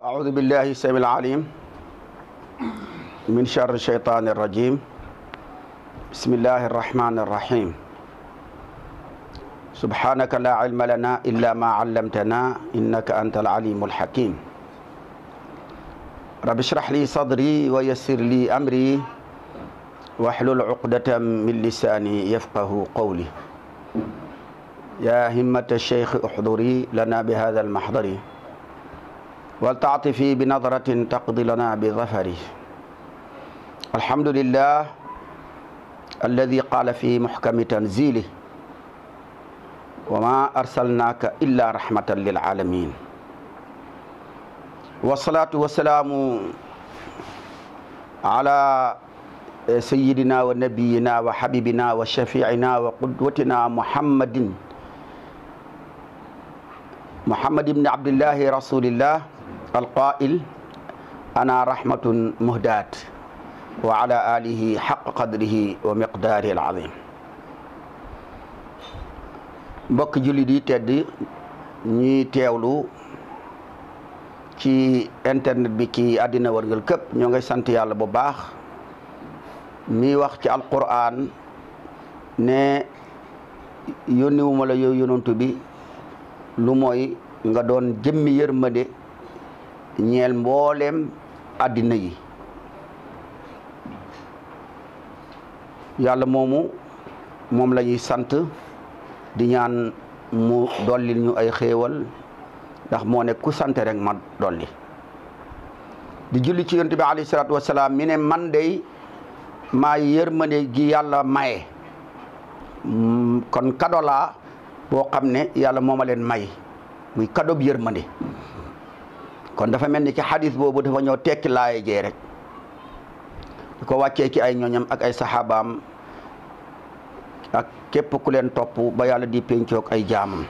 أعوذ بالله السميع العليم من شر الشيطان الرجيم بسم الله الرحمن الرحيم سبحانك لا علم لنا إلا ما علمتنا إنك أنت العليم الحكيم رب اشرح لي صدري ويسر لي أمري واحلل عقدة من لساني يفقه قولي يا همة الشيخ احضري لنا بهذا المحضر wal taatifi bi nadratin taqdi lana bi zafari alhamdulillah alladi qaala fi muxkami tanzili wa ma arsalnaaka illa rahmatan lil alamin wasalaatu wasalaamu ala eh, sayidina wa nabiyina wa habibina wa shafiina wa qudwatina muhammadin muhammad ibni abdillahi rasulillah alqaa'il ana rahmatun muhdaat wa ala alihi xaq qadrihi wa miqdaarihi al-azim mbokk jullit yi tedd ñuy teewlu ci internet bi ki àddina wërngal këpp ñoo ngay sant yàlla bu baax mi wax ci alquran ne yónniwuma la yow yonantu bi lu mooy nga doon jëmmi yërmande ñeel mbooleem àddina yi yàlla moomu moom la sant di ñaan mu dolli ñu ay xéewal ndax moo ne ku sant rek ma dolli di julli ci yonent bi alayhi salaatu wasalaam mi ne man dey maa yërmande gi yàlla maye kon kado boo xam ne yàlla moo ma leen may muy kado bi yërmande kon dafa mel ni ci xadis boobu dafa ñoo tekki laaye jee rek di ko wàccee ci ay ñoñam ak ay saxaabaam ak képp ku leen topp ba yàlla di pencoog ay jaamam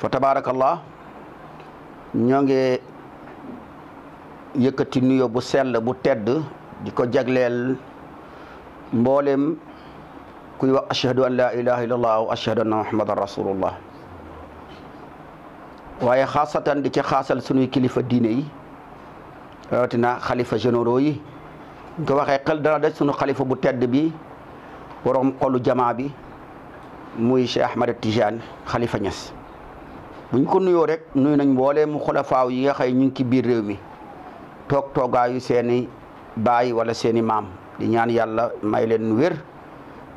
fa tabaarakallah ñoo ngi yëkkati nuyo bu sell bu tedd di ko jagleel mboolem kuy wax ashhadu an la ilaha illallah wa ashhadu muhammadan rasulullah waaye xaasatan di ci xaasal suñuy kilifa diine yi rawatina xalifa généraux yi ñu ko waxee xel dana daj sunu xalifa bu tedd bi borom xolu jamaa bi muy Cheikh Ahmad Tijaan xalifa Ñas buñ ko nuyoo rek nuy nañ mboolee mu xulafaaw yi nga xëy ñu ngi ci biir réew mi toog toogaayu seeni baay wala seeni maam di ñaan yàlla may leen wér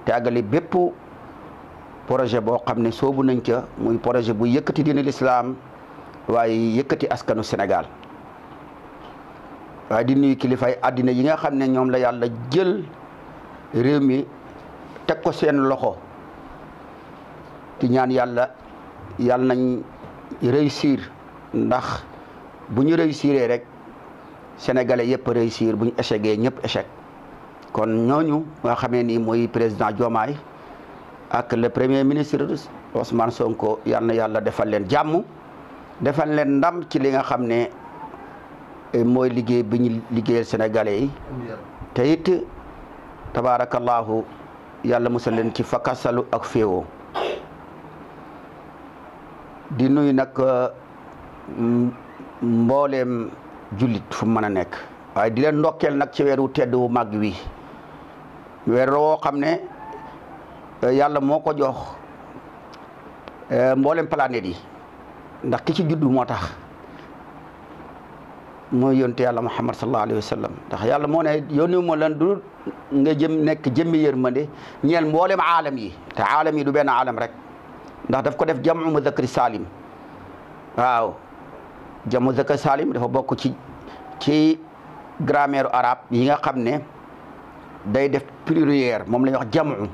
te àggale projet boo xam ne soobu nañ ca muy projet bu yëkkati diine lislaam waaye yëkkati askanu senegal waaye di nuyu kilifaay àddina yi nga xam ne ñoom la yàlla jël réew mi teg ko seen loxo di ñaan yàlla yàlla nañ réussir ndax bu ñu réussiree rek sénégalais yëpp réussir bu ñu échecgee ñëpp échec kon ñooñu nga xamee ni mooy président Diomaye ak le premier ministre Ousmane Sonko yal na yàlla defal leen jàmm defal leen ndam ci li nga xam ne eh, mooy liggéey bi ñu liggéeyal sénégalais yi te it tabaarakallaahu yàlla musal leen ci fakasalu ak féewoo di nuyu nag eh, mbooleem jullit fu mën a nekk waaye di leen ndokkeel nag ci weeru tedd wu mag wi weer woo xam ne Euh, yàlla moo ko jox euh, mboolem planète yi ndax ki ci juddu moo tax mooy yonte yàlla muhammad sallallahu alayhi wa sallam ndax yàlla moo ne yónni ma lan du nga jëm nekk jëmmi yërmande ñeel mboolem alam yi te alam yi du benn alam rek ndax daf ko def jamu mudakari salim waaw jamu mudakari salim dafa bokk ci ci grammaire arabe yi nga xam ne day def pluriel moom la ñuy wax jamu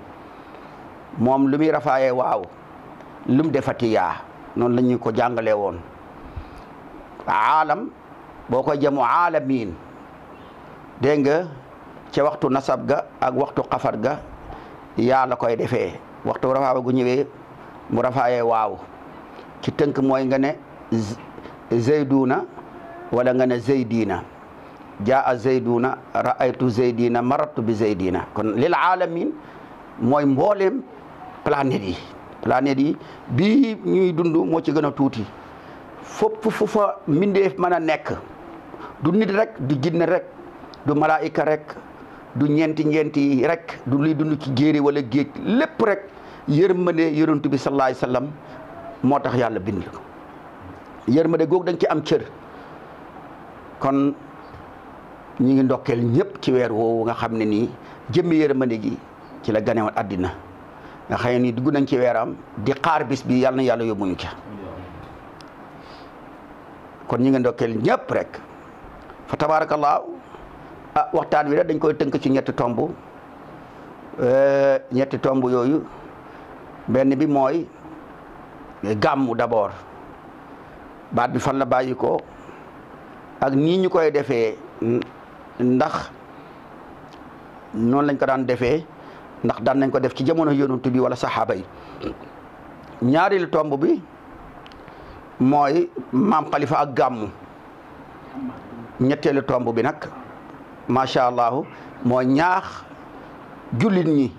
moom lu muy rafaayee waaw lu mu defati yaa noonu la ñu ko jàngalee woon aalam boo koy jëmu aalamiin dégg nga ca waxtu nasab ga ak waxtu xafar ga yaa la koy defee waxtu rafaa gu ñëwee mu rafaayee waaw ci tënk mooy nga ne zayduna wala nga ne zaydina jaa zayduna ra'aytu zaydina maratu bi zaydina kon lil aalamin mooy mbooleem planètes yi planètes yi bii ñuy dund moo ci gën a tuuti fopp fu fa mbindeef mën nekk du nit rek du jinne rek du malaayika rek du ñeenti ñeenti rek du luy dund ci jéeri wala géej lépp rek yërmande yonent bi sallallahu alayhi wasallam moo tax yàlla bind ko yërmande googu dañ ci am cër kon ñu ngi ndokkeel ñëpp ci weer woowu nga xam ne nii jëmmi yërmande gi ci la ganewoon àddina nga xëy ni dugg nañ ci weeram di xaar bis bi yàlla na yàlla yóbbuñu ca kon ñu ngi ndokkeel ñëpp rek fa tabaarakallaahu ah waxtaan wi rek dañ koy tënk ci ñetti tombu eh, ñetti tomb yooyu benn bi mooy gàmmu d'abord baat bi fan la bàyyi ak nii ñu koy defee ndax noonu lañ ko daan defee ndax daan nañ ko def ci jamono yonent bi wala saxaaba yi ñaareelu tomb bi mooy maam xalifa ak gàmmu ñetteelu tomb bi nag macha allah moo ñaax jullit ñi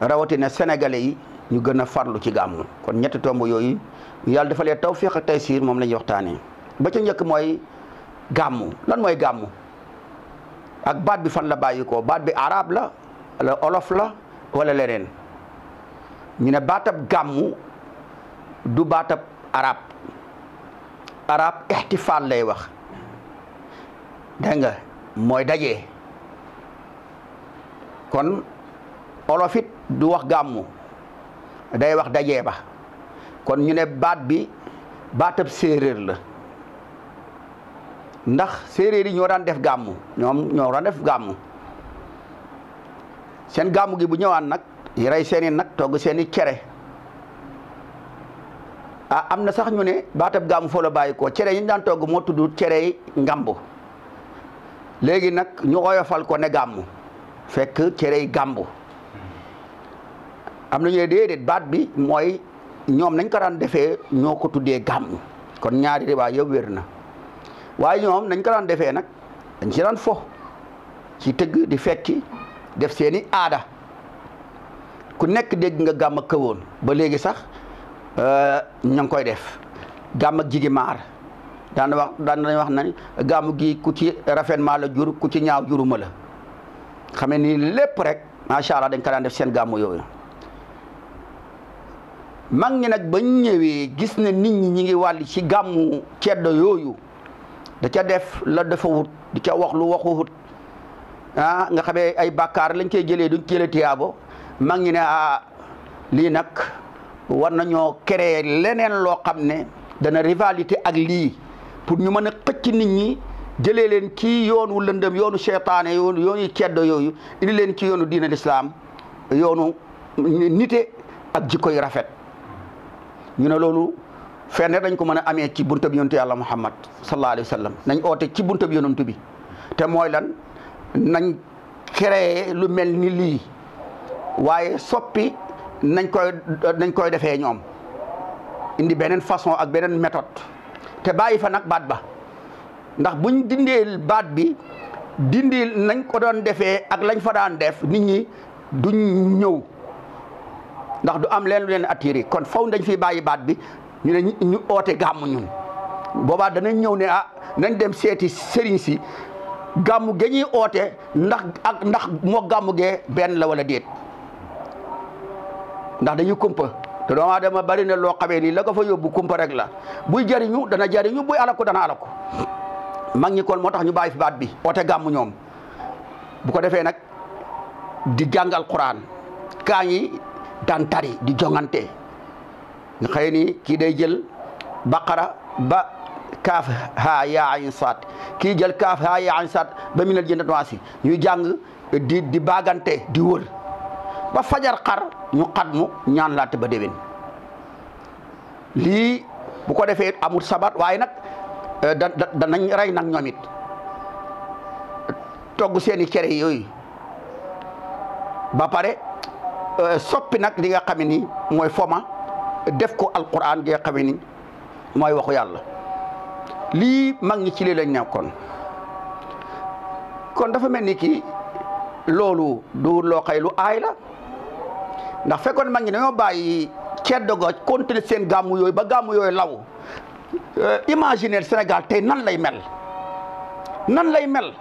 rawatina sénégalais yi ñu gën a farlu ci gàmmu kon ñetti tomb yooyu yàlla dafa lee tawfiq ak taysiir moom la ñuy waxtaanee ba ca njëkk mooy gàmmu lan mooy gàmmu ak baat bi fan la bàyyi ko baat bi arab la la olof la wala leneen ñu ne baatab gàmmu du baatab arab arab ixtifaal lay wax dégg mooy daje kon olofit du wax gàmmu day wax daje ba kon ñu ne baat bi baatab séeréer la ndax séeréer yi ñoo daan def gàmmu ñoom ñoo daan def gàmmu seen gàmmu gi bu ñëwaan nag yi rey seen nag togg seeni cere a ah, am na sax ñu ne baatab gàmmu foo la bàyyi ko cere yi ñu daan togg moo tudd cere yi ngambu léegi nag ñu oyofal ko ne gàmmu fekk cere yi am na ñu ne déedéet baat bi mooy ñoom nañ ko daan defee ñoo ko tuddee gàmmu kon ñaari riwaa yëpp wér na waaye ñoom nañ ko daan defee nag dañ ci daan fo ci tëgg di fecci def seeni aada ku nekk dégg nga gàmm ak kawoon ba léegi sax euh, ña ngi koy def gàmm ak jigi maar daan wax daan nañ wax na gàmm gi ku ci rafet jur ku ci ñaaw juruma la xam ne nii lépp rek macha allah dañ ko def seen gàmm yooyu mag ñi nag ba ñëwee gis ne nit ñi ñi ngi wàll ci gàmmu ceddo yooyu da ca def la dafa wut di ca wax lu waxu wut ah nga xamee ay bàkkaar lañ koy jëlee duñ jëlee tiyaabo mag ñi ne ah, lii nag war nañoo créer leneen loo xam ne dana rivalité ak lii pour ñu mën a xëcc nit ñi jëlee leen ci yoonu lëndëm yoonu seytaane yoonu yoonu ceddo yooyu indi leen ci yoonu diine lislaam yoonu nite ak jikko yu rafet ñu ne loolu fenn dañ ko mën a amee ci buntab yonentu yàlla muhammad sallallahu alayhi wa sallam nañ oote ci buntab yonentu bi te mooy nañ créer lu mel ni lii waaye soppi nañ koy nañ koy defee ñoom indi beneen façon ak beneen méthode te bàyyi fa nag baat ba ndax buñ dindeel baat bi dindil nañ ko doon defee ak lañ fa daan def nit ñi duñ ñëw ndax du am leen lu leen attiré kon faw dañ fi bàyyi baat bi ñu ne ñu oote gàmm ñun boobaa danañ ñëw ne ah nañ dem seeti sëriñ si gàmmu ga ñuy oote ndax ak ndax moo gàmmu gee benn la walla déet ndax dañuy kumpa te doomu aadama bari na loo xamee nii la ko fa yóbbu kumpa rek la buy jariñu dana jariñu buy alako dana alako mag ñi kon moo tax ñu bàyyi fi baat bi oote gàmmu ñoom bu ko defee nag di jàngal quraan kaa ñi daan tari di jongante nga xëy kii day jël baqara ba kaaf haa yaa ayn saad kii jël kaaf haa yaa ayn saad ba mi nal jëndat waasi ñuy jàng di di baagante di wër ba fajar xar ñu xadmu ñaan laata ba déwén lii bu ko defee amul sabat waaye nag eh, da danañ rey nag ñoom it togg seeni cere yooyu ba pare eh, soppi nag li nga xam ni mooy foma def ko alquran gi nga xam mooy waxu yàlla lii mag ñi ci lii lañ nekkoon kon dafa mel ni ki loolu du loo xay lu aay la ndax fekkoon mag ñi dañoo bàyyi ceeb dogo continuer seen gàmmu yooyu ba gàmmu yooyu law euh, imaginer senegal tey nan lay mel nan lay mel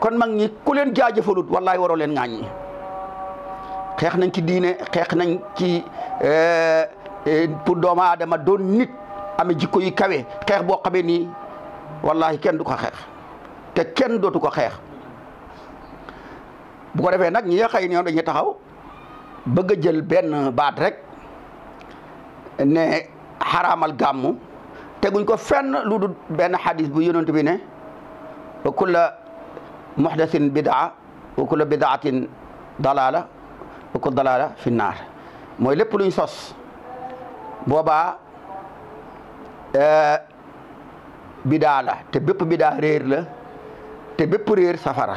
kon mag ñi ku leen jaajëfalut wallaay waroo leen ŋàññi xeex nañ ci diine xeex nañ ci euh, euh, pour doomu aadama doon nit amee jikko yu kawe xeex boo xamee nii wallahi kenn du ko xeex te kenn dootu ko xeex bu ko defee nag ñi nga xëy ñoom dañuy taxaw bëgg a jël benn baat rek ne xaraamal te guñ ko fenn lu dul benn xadis bu yonent bi ne wa kulla muhdathin bidaa wa kulla bidaatin dalaala wa kulla dalaala fi naar mooy lépp luñ sos boobaa Eh, bidaa la te bépp bidaa réer la te bépp réer safara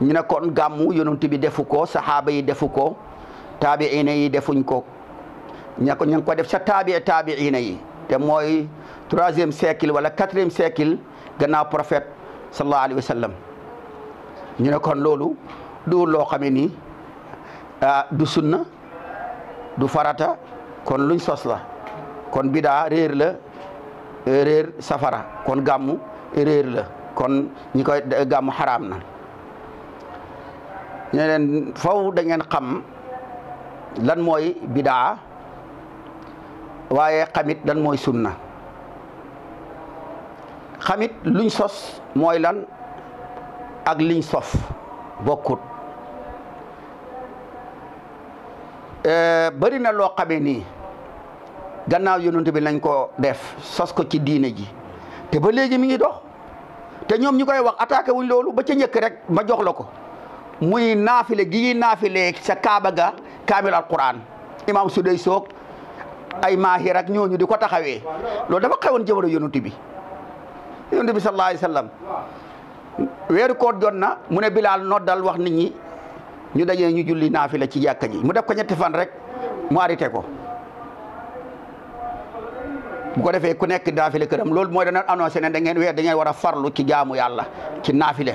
ñu ne kon gàmmu yonent bi defu ko saxaaba yi defu ko ina yi defuñ ko ña ko ña ko def sa taabi taabiina yi te mooy troisième siècle wala quatrième siècle gannaaw prophète sallallahu alayhi wa sallam ñu ne kon loolu du loo xam ne nii ah, du sunna du farata kon luñ sos kon bidaa réer la réer safara kon gàmmu réer la kon ñi koy gàmmu xaraam na ñu leen faw da xam lan mooy bidaa waaye xamit lan mooy sunna xamit luñ sos mooy lan ak liñ sos bokkut eh, bari na loo xamee nii gannaaw yonent bi lañ ko def sos ko ci diine ji te ba léegi mi ngi dox te ñoom ñi koy wax attaqué wuñ loolu ba ci njëkk rek ma jox la ko muy naafile gi naafile sa kaaba ga kaamil alquran imaam su dey soog ay maahir ak ñooñu di ko taxawee loolu dafa xewoon jamono yonent bi yonent bi sallallahu alayhi wasallam weeru koor jot na mu ne Bilaal noddal wax nit ñi ñu dajee ñu julli naafila ci jàkka ji mu def ko ñetti fan rek mu arrêté ko bu defee ku nekk naafile këram loolu mooy dana annoncé ne da ngeen weer da ngeen war a farlu ci jaamu yàlla ci naafile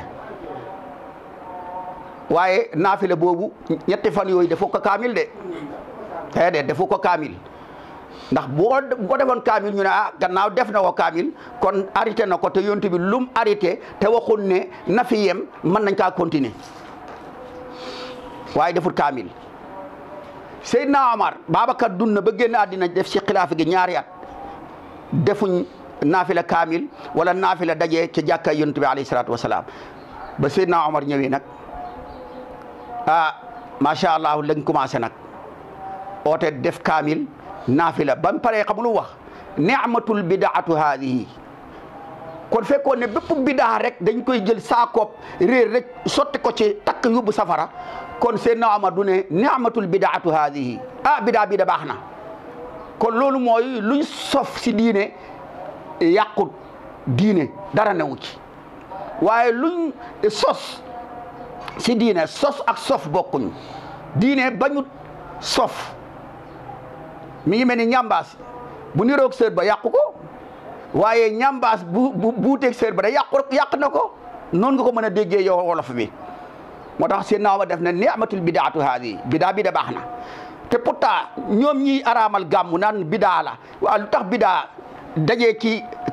waaye naafile boobu ñetti fan yooyu defoo ko kaamil de tey de defoo ko kaamil ndax boo ko defoon kaamil ñu ne ah gannaaw def na ko kaamil kon arrêté na ko te yontu bi lum arrêté te waxul ne nafi yem mën nañ kaa continuer waaye deful kaamil Seydina Omar Babacar dund na ba génn àddina def si xilaafa gi ñaari defuñ naafila kaamil wala naafila daje ci jàkkaay yonent bi alayhi salaatu wasalaam ba Seydina Omar ñëwee nag ah macha allah lañ commencé nag oote def kaamil naafila ba mu paree xam lu wax ni'matul bidaatu haadihi kon fekkoon ne bépp bidaa rek dañ koy jël saakoob réer rek sotti ko ci takk yóbbu safara kon Seydina Omar du ne ni'matul bidaatu haadihi ah bidaa bi da baax na. kon loolu mooy luñ sof si diine yàqut diine dara newu ci waaye luñ sos si diine sos ak sof bokkuñ diine bañut sof mi ngi mel ni ñambaas bu niroog sër ba yàqu ko waaye ñambaas bu bu buuteeg sër ba da yàqu yàq na ko noonu nga ko mën a déggee yow wolof bi moo tax seen naaw ma def na ni'matul bidaatu haadi bidaa bi da baax na te pourtant ñoom ñiy araamal gàmmu naan bidaa la waaw lu tax bidaa dajee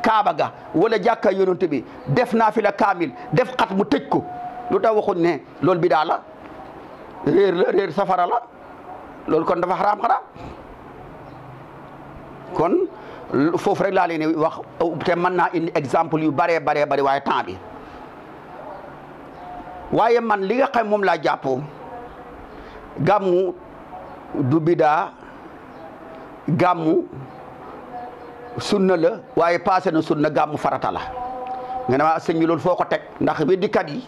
kaaba ga wala jàkka yonent bi def naa fi la kaamil def xat mu tëj ko lu tax waxuñ ne lool bidaa la la réer safara la loolu kon dafa xaraam xaraam kon foofu rek laa wax te mën naa indi exemple yu baree baree bari waaye temps bi waaye man li nga xam moom laa jàpp du bidaa gàmmu sunna la waaye passé na sunna gàmmu farata la nga ne ma sëñ bi foo ko teg ndax weddikat yi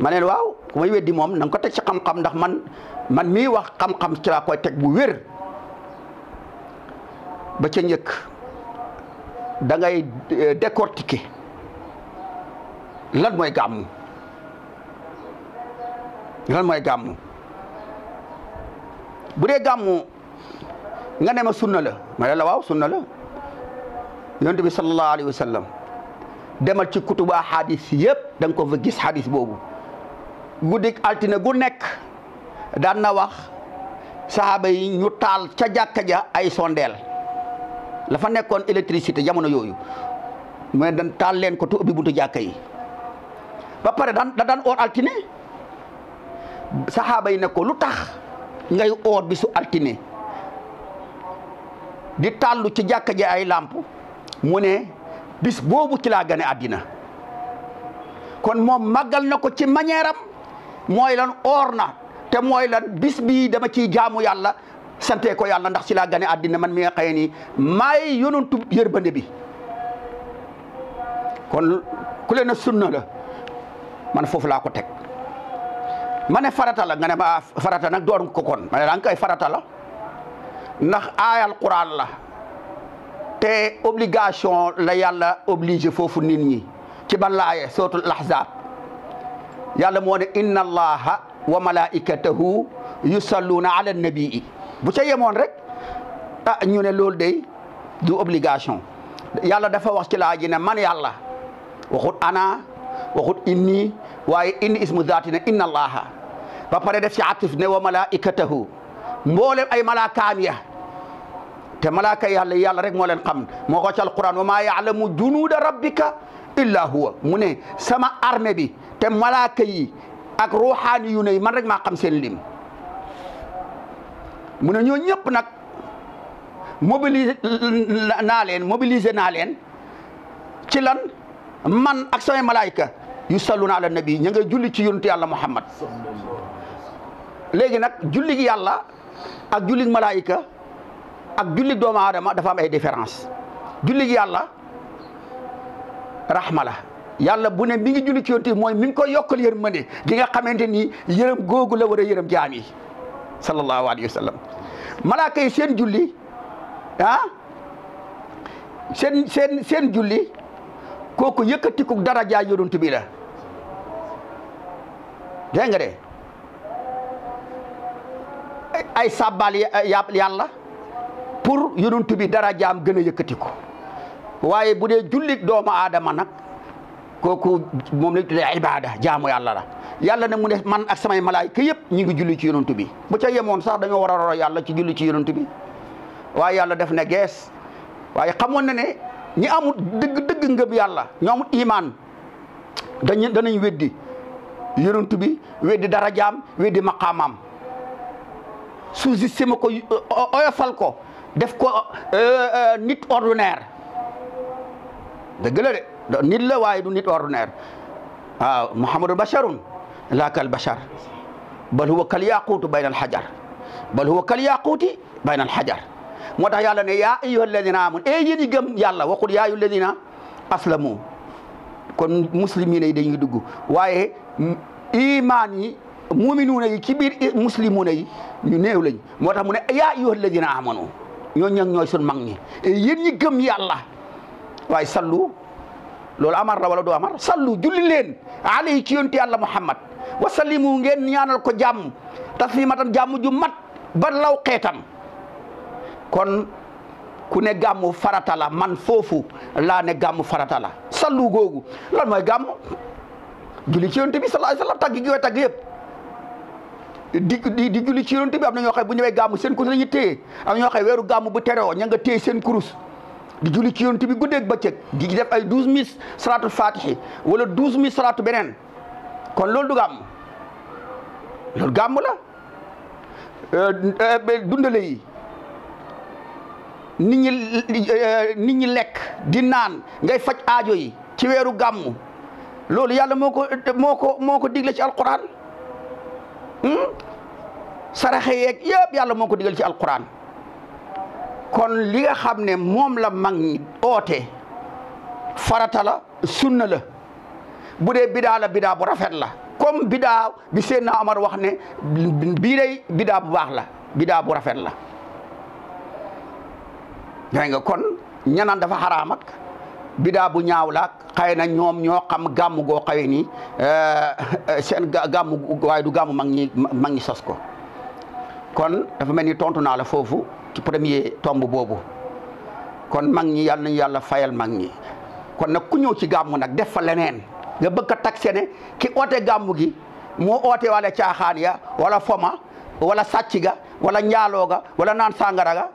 ma neen waaw ku may weddi moom nanga ko teg ci xam-xam ndax man man mii wax xam-xam ci laa koy teg bu wér ba ca njëkk da ngay eh, décortiquer lan mooy gàmmu lan mooy gàmmu bu dee gàmmu nga ne ma sunna la ma ne la waaw sunna la yonent bi sallallahu demal ci kutuba xadis yëpp da nga ko fa gis xadis boobu guddik altine gu nekk daan na wax saxaaba yi ñu taal ca jàkka ja ay sondeel la fa nekkoon électricité jamono yooyu mais dan taal leen ko tu yi ba da altine saxaaba yi ne ko lu tax ngay oor bi altine di tàllu ci jàkka ji ay làmp mu ne bis boobu ci laa gane àddina kon moom màggal na ko ci manière mooy lan oor na te mooy lan bis bii dama ciy jaamu yàlla sante ko yàlla ndax ci laa gane àddina man mi nga xëye nii maay yonantu yërbande bi kon ku leen a sunna la man foofu laa ko teg ma ne farata la nga ne ma ah, farata nag doon ko kon ma ne daan koy la ndax aayal la te obligation la yàlla obligé foofu nit ñi ci ban laaye sootul ahzab yàlla moo ne inna allaha wa malaikatahu yusalluuna ala nabii bu ca yemoon rek ah ñu ne loolu day du obligation yàlla dafa wax ci laa ji ne man yàlla waxut ana waxut inni waaye inni ismu zaati ne inna ba pare def ci atif ne wa malaikatahu mboole ay malaakaam te malaaka yàlla yàlla rek moo leen xam moo ko ci alquran wa maa mu junuuda rabbika illa huwa mu ne sama armée bi te malaaka yi ak ruuxaani yu ne man rek maa xam seen lim mu ne ñoo ñëpp nag mobiliser naa leen mobiliser naa leen ci lan man ak samay malaayka yu salluna ala nabi ña nga julli ci yonent yàlla muhammad léegi nag jullig yàlla ak jullig malaayika ak jullig doomu adama dafa am ay différence jullig yàlla rahma la yàlla bu ne mi ngi julli ci yonent mooy mi ngi koy yokkal yërmande gi nga xamante ni yërëm googu la war a yërëm jaam yi sallallahu alayhi wa sallam malaaka yi seen julli ah seen seen seen julli kooku yëkkatiku daraja yonent bi la dégg ay sabbal eh, yàlla pour yonent bi dara jaam gën a yëkkati waaye bu dee jullit doomu aadama nag kooku moom lañ tuddee ibada jaamu yàlla la yàlla na mu ne man ak samay malaayka yëpp ñu ngi julli ci yonent bi bu ca yemoon sax dañoo war a roy yàlla ci julli ci yonent bi waaye yàlla def ne gees waaye xamoon na ne ñi amul dëgg dëgg ngëm yàlla ñoom imaan dañu danañ weddi yonent bi weddi dara jaam weddi maqaamaam sous-estimé ko oyofal ko def ko euh, euh, nit ordinaire dëgg la de la waaye du nit ordinaire waaw Muhammadu basharun laa kal bashar bal huwa kal yaquutu bayna alxajar bal huwa kal yaquuti bayna alxajar moo tax yàlla ne yaa ayyuha alladina amanu e yéen yi gëm yàlla waxul yaa ayyuha alladina aslamu kon muslimin yi dañuy dugg waaye imaan muminuuna yi ci biir muslimuuna yi ñu néew lañ moo tax mu ne yaa ayyuhal ladina amanu ñoo ñag ñooy suñ mag ñi eh, yéen ñi gëm yàlla waaye sallu loolu amar la wala du sallu julli leen alayhi ci yonti yàlla muhammad wa sallimu ngeen ñaanal ko jàmm taslimatan jàmm ju mat ba law xeetam kon ku ne gàmmu farata man foofu laa ne gàmmu faratala la sallu googu lan mooy gàmmu julli ci yonte bi sallallahu alayhi gi koy tagg yëpp di di di julli ci yonent bi am na ñoo xam bu ñëwee gàmm seen kurus la ñuy téye am na ñoo xam weeru gàmm bu teroo ña nga téye seen kurus di julli ci yonent bi guddeeg bëccëg di def ay douze mille salaatul fatihi wala douze mille salaatu beneen kon loolu du gàmm loolu gàmm la euh, euh, dundale yi nit ñi lekk di naan ngay faj aajo yi ci weeru gàmm loolu yàlla moo ko moo ko moo ko digle ci alquran Hmm? saraxe yeeg yëpp yàlla moo ko digal ci alquran kon li nga xam ne moom la mag ñi oote faratala sunna la bu dee bidaa la bidaa bu rafet la comme bidaa bi Seydina Omar wax ne bii day bidaa bu baax la biddaa bu rafet la dégg nga kon ñanaan dafa xaraam ak bidaa bu ñaaw la xëy na ñoom ñoo xam gàmm goo xëy ni eh, eh, seen gàmm waaye du gàmm mag ñi mag ñi sos ko kon dafa mel ni tontu naa la foofu ci premier boobu kon mag ñi yàlla nañu yàlla fayal mag ñi kon nag ku ñëw ci gàmm nag def fa leneen nga bëgg a taxe ne ki oote gàmm gi moo oote wala caaxaan ya wala foma wala sàcc wala njaaloo ga wala naan sàngara ga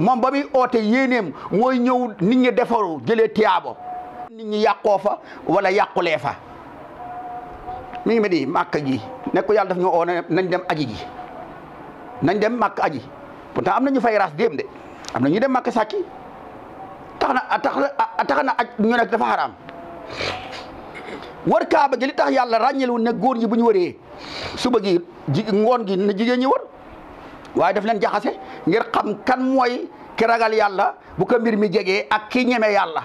moom ba muy oote yéeneem mooy ñëw nit ñi defaru jëlee tiyaabo nit ñi yàqoo fa wala yàqulee fa mi ngi mel ni màkk gi nekk yàlla daf ñu oo nañ dem aji ji nañ dem màkk aji pourtant am nañu ñu fay raas déem de am na ñu dem màkk sàkki tax na tax tax na aj ñu nekk dafa xaraam war kaaba gi li tax yàlla ràññeelu ne góor ñi bu ñu waree suba gi ji ngoon gi na jigéen war waaye daf leen jaxase ngir xam kan mooy ki ragal yàlla bu ko mbir mi jegee ak ki ñeme yàlla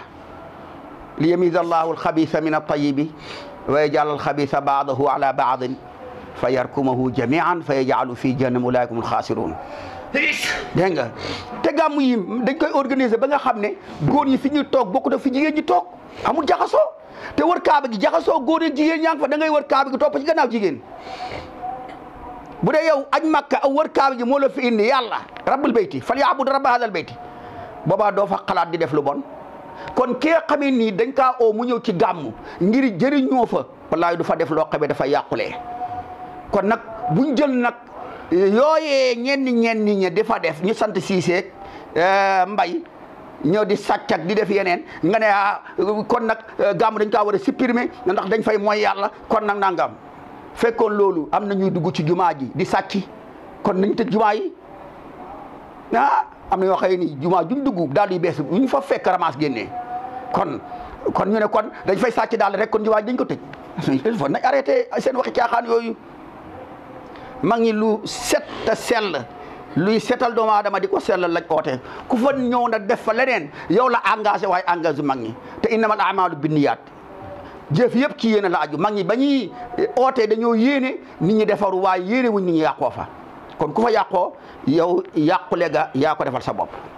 li yamiza allahu alxabisa min altayibi wa yajal alxabisa baadahu ala baadin fa yarkumahu jamian fa yajalu fi mu ulaikum alxaasirun dégg nga te gàmmu yi dañ koy organiser ba nga xam ne góor ñi fi ñuy toog bokku da fi jigéen ñi toog amul jaxasoo te wër kaaba gi jaxasoo góor ak jigéen ñaa fa da ngay wër kaaba gi topp ci gannaaw jigéen bu dee yow aj makka a wër kaaba gi moo la fi indi yàlla rabbul bayti fal yaabud rabba hadal bayti boobaa doo fa xalaat di def lu bon kon kee xamee nii dañ kaa oo mu ñëw ci gàmmu ngir jëriñoo fa wallaay du fa def loo xamee dafa yàqulee kon nag buñ jël nag yooyee ñenn ñenn ñi di fa def ñu sant Cissé eh, mbay ñëw di sàcc di def yeneen nga ne ah, kon nag eh, gàmmu dañ kaa war a supprimer ndax dañ fay mooy yàlla kon nag nangam. fekkoon loolu am na ñuy dugg ci jumaa ji di sàcci kon nañ tëj jumaa yi ah am na yoo xëy ni jumaa juñ dugg daal di bees ñu fa fekk ramas génnee kon kon ñu ne kon dañ fay sàcc daal rek kon jumaa ji dañ ko teg il faut nañ arrêté seen waxi caaxaan yooyu ma ngi lu set te sell luy setal doomu aadama di ko sellal lañ ku fa ñëw na def fa leneen yow la engagé waaye engagé mag ñi te ma innamal a'maalu binniyaat jëf yëpp ci yéene la aju mag ñi ba ñuy eh, ootee dañoo yéene nit ñi defaru waaye yéene wuñ nit ñi yàqoo fa kon ku fa yàqoo yow yàqule ga yaa ko defal sa bopp